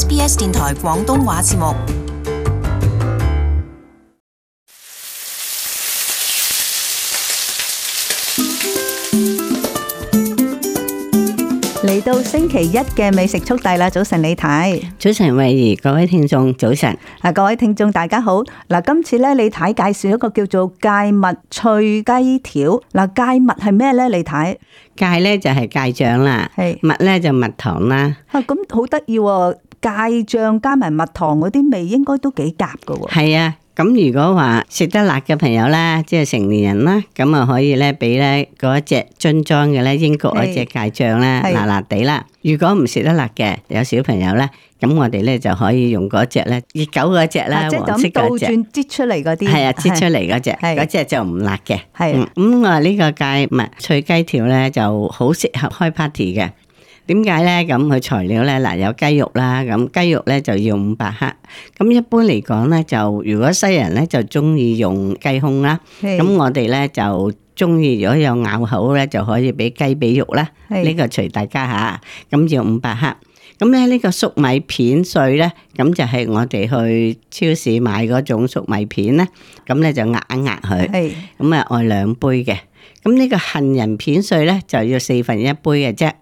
SBS 電台廣東話節目嚟到星期一嘅美食速遞啦！早晨李太，早晨惠儀，各位聽眾早晨。嗱，各位聽眾大家好。嗱，今次咧李太介紹一個叫做芥蜜脆雞條。嗱，芥蜜係咩咧？李太芥咧就係芥醬啦，係蜜咧就蜜糖啦。啊，咁好得意喎！芥醬加埋蜜糖嗰啲味應該，應該都幾夾噶。係啊，咁如果話食得辣嘅朋友咧，即係成年人啦，咁啊可以咧俾咧嗰一隻樽裝嘅咧英國嗰隻芥醬咧是辣辣地啦。是如果唔食得辣嘅，有小朋友咧，咁我哋咧就可以用嗰隻咧熱狗嗰隻啦，黃色嗰隻。擠出嚟嗰啲。係啊，擠出嚟嗰隻，嗰隻就唔辣嘅。係，咁我呢個芥蜜脆雞條咧就好適合開 party 嘅。點解咧？咁佢材料咧，嗱有雞肉啦，咁雞肉咧就要五百克。咁一般嚟講咧，就如果西人咧就中意用雞胸啦，咁我哋咧就中意如果有咬口咧，就可以俾雞髀肉啦。呢個隨大家吓，咁要五百克。咁咧呢個粟米片碎咧，咁就係我哋去超市買嗰種粟米片啦。咁咧就壓一壓佢。係咁啊，愛兩杯嘅。咁呢個杏仁片碎咧，就要四分一杯嘅啫。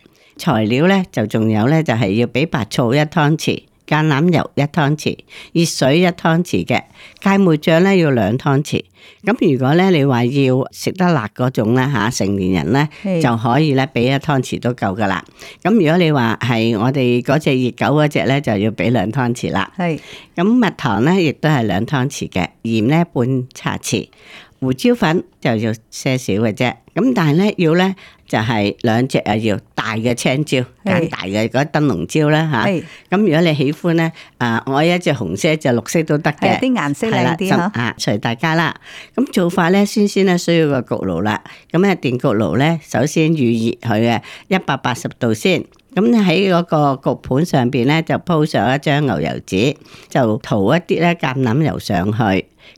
材料咧就仲有咧，就係要俾白醋一湯匙、橄欖油一湯匙、熱水一湯匙嘅芥末醬咧要兩湯匙。咁如果咧你話要食得辣嗰種咧吓、啊，成年人咧是就可以咧俾一湯匙都夠噶啦。咁如果你話係我哋嗰隻熱狗嗰隻咧，就要俾兩湯匙啦。係咁是蜜糖咧，亦都係兩湯匙嘅。鹽咧半茶匙，胡椒粉就要些少嘅啫。咁但係咧要咧就係兩隻啊要。大嘅青椒，大嘅嗰燈籠椒啦嚇，咁如果你喜歡咧，啊，我有一隻紅色、一隻綠色都得嘅，啲顏色靚啲嗬，隨大家啦。咁做法咧，先先咧需要個焗爐啦，咁咧電焗爐咧，首先預熱佢嘅一百八十度先。咁喺嗰個焗盤上邊咧，就鋪上一張牛油紙，就塗一啲咧橄欖油上去。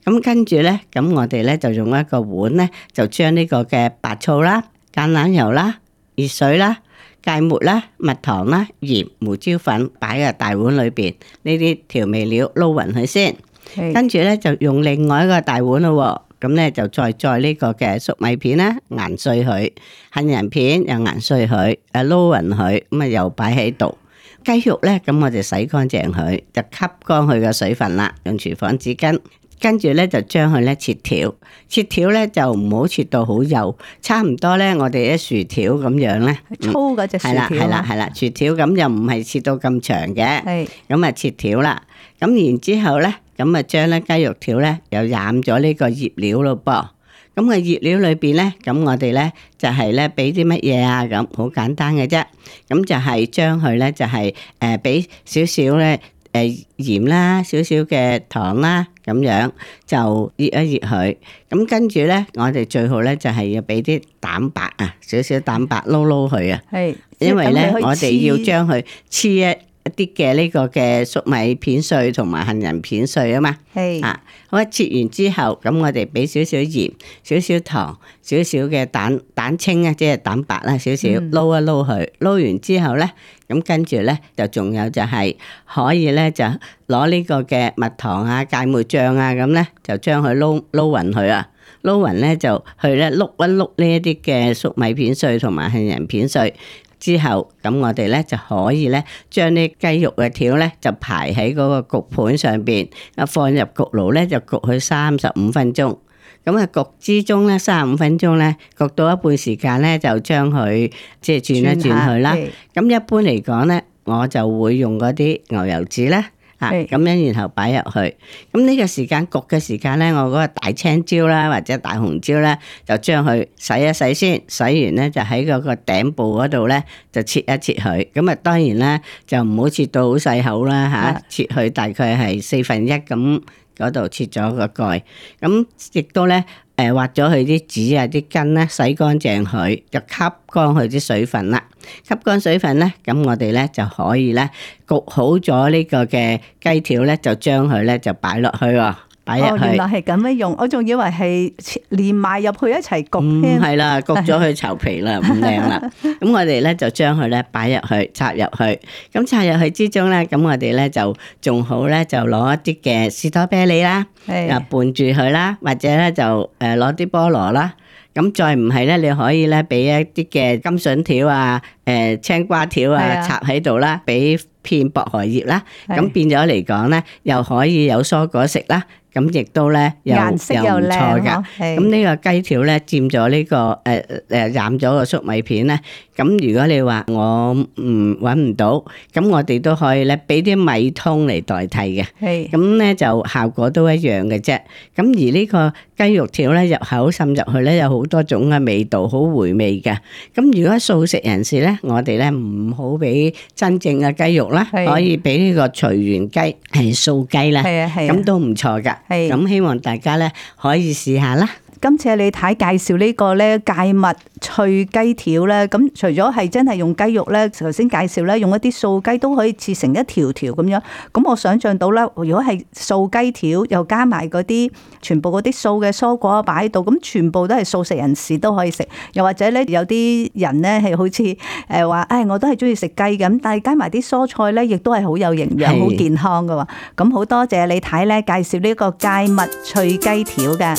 咁跟住咧，咁我哋咧就用一個碗咧，就將呢個嘅白醋啦、橄欖油啦、熱水啦。芥末啦、蜜糖啦、鹽、胡椒粉，擺喺大碗裏邊，呢啲調味料撈勻佢先。是跟住咧就用另外一個大碗咯、哦，咁咧就再載呢個嘅粟米片咧，壓碎佢，杏仁片又壓碎佢，誒撈勻佢，咁啊又擺喺度。雞肉咧，咁我就洗乾淨佢，就吸乾佢嘅水分啦，用廚房紙巾。跟住咧就將佢咧切條，切條咧就唔好切到好幼，差唔多咧我哋啲薯條咁樣咧，粗嗰隻係啦係啦係啦薯條咁又唔係切到咁長嘅，咁啊切條啦，咁然之後咧咁啊將咧雞肉條咧又染咗呢個醃料咯噃，咁個醃料裏邊咧咁我哋咧就係咧俾啲乜嘢啊咁，好簡單嘅啫，咁就係將佢咧就係誒俾少少咧。誒鹽啦，少少嘅糖啦，咁樣就醃一醃佢。咁跟住咧，我哋最好咧就係要俾啲蛋白啊，少少蛋白撈撈佢啊。係是。因為咧，我哋要將佢黐一啲嘅呢個嘅粟米片碎同埋杏仁片碎啊嘛。係是。啊，好啊，切完之後，咁我哋俾少少鹽、少少糖、少少嘅蛋蛋清啊，即係蛋白啦，少少撈一撈佢。撈、嗯、完之後咧。咁跟住呢，就仲有就係可以呢，就攞呢個嘅蜜糖啊、芥末醬啊，咁呢，就將佢撈撈勻佢啊，撈勻呢，就去呢碌一碌呢一啲嘅粟米片碎同埋杏仁片碎，之後咁我哋呢就可以呢將啲雞肉嘅條呢就排喺嗰個焗盤上邊，啊放入焗爐呢，就焗佢三十五分鐘。咁啊焗之中咧，三十五分鐘咧，焗到一半時間咧，就將佢即係轉一轉去啦。咁一,一般嚟講咧，我就會用嗰啲牛油紙咧，啊咁樣然後擺入去。咁、這、呢個時間焗嘅時間咧，我嗰個大青椒啦或者大紅椒咧，就將佢洗一洗先，洗完咧就喺嗰個頂部嗰度咧就切一切佢。咁啊當然咧就唔好切到好細口啦嚇，切去大概係四分一咁。嗰度切咗個蓋，咁亦都咧，誒挖咗佢啲籽啊，啲根咧洗乾淨佢，就吸乾佢啲水分啦。吸乾水分咧，咁我哋咧就可以咧焗好咗呢個嘅雞條咧，就將佢咧就擺落去哦。擺落去，哦，原來係咁樣用，我仲以為係連埋入去一齊焗。嗯，係啦，焗咗去巢皮啦，唔靚啦。咁我哋咧就將佢咧擺入去，插入去。咁插入去之中咧，咁我哋咧就仲好咧，就攞一啲嘅士多啤梨啦，又拌住佢啦，或者咧就誒攞啲菠蘿啦。咁再唔係咧，你可以咧俾一啲嘅金筍條啊，誒青瓜條啊插喺度啦，俾片薄荷葉啦。咁變咗嚟講咧，又可以有蔬果食啦。咁亦都咧顏色又又唔錯噶，咁、啊、呢佔、這個雞條咧沾咗呢個誒誒染咗個粟米片咧，咁如果你話我唔揾唔到，咁我哋都可以咧俾啲米通嚟代替嘅，咁咧是就效果都一樣嘅啫。咁而呢、這個。雞肉條咧入口滲入去咧有好多種嘅味道，好回味㗎。咁如果素食人士咧，我哋咧唔好俾真正嘅雞肉啦，的可以俾呢個隨緣雞係素雞啦，咁都唔錯噶。咁的希望大家咧可以試下啦。今次你睇介紹呢個咧芥麥脆雞條咧，咁除咗係真係用雞肉咧，頭先介紹咧用一啲素雞都可以切成一條條咁樣。咁我想象到啦，如果係素雞條，又加埋嗰啲全部嗰啲素嘅蔬果擺喺度，咁全部都係素食人士都可以食。又或者咧，有啲人咧係好似誒話，誒我都係中意食雞咁，但係加埋啲蔬菜咧，亦都係好有營養、好是健康噶。咁好多謝你睇咧介紹呢個芥麥脆雞條嘅。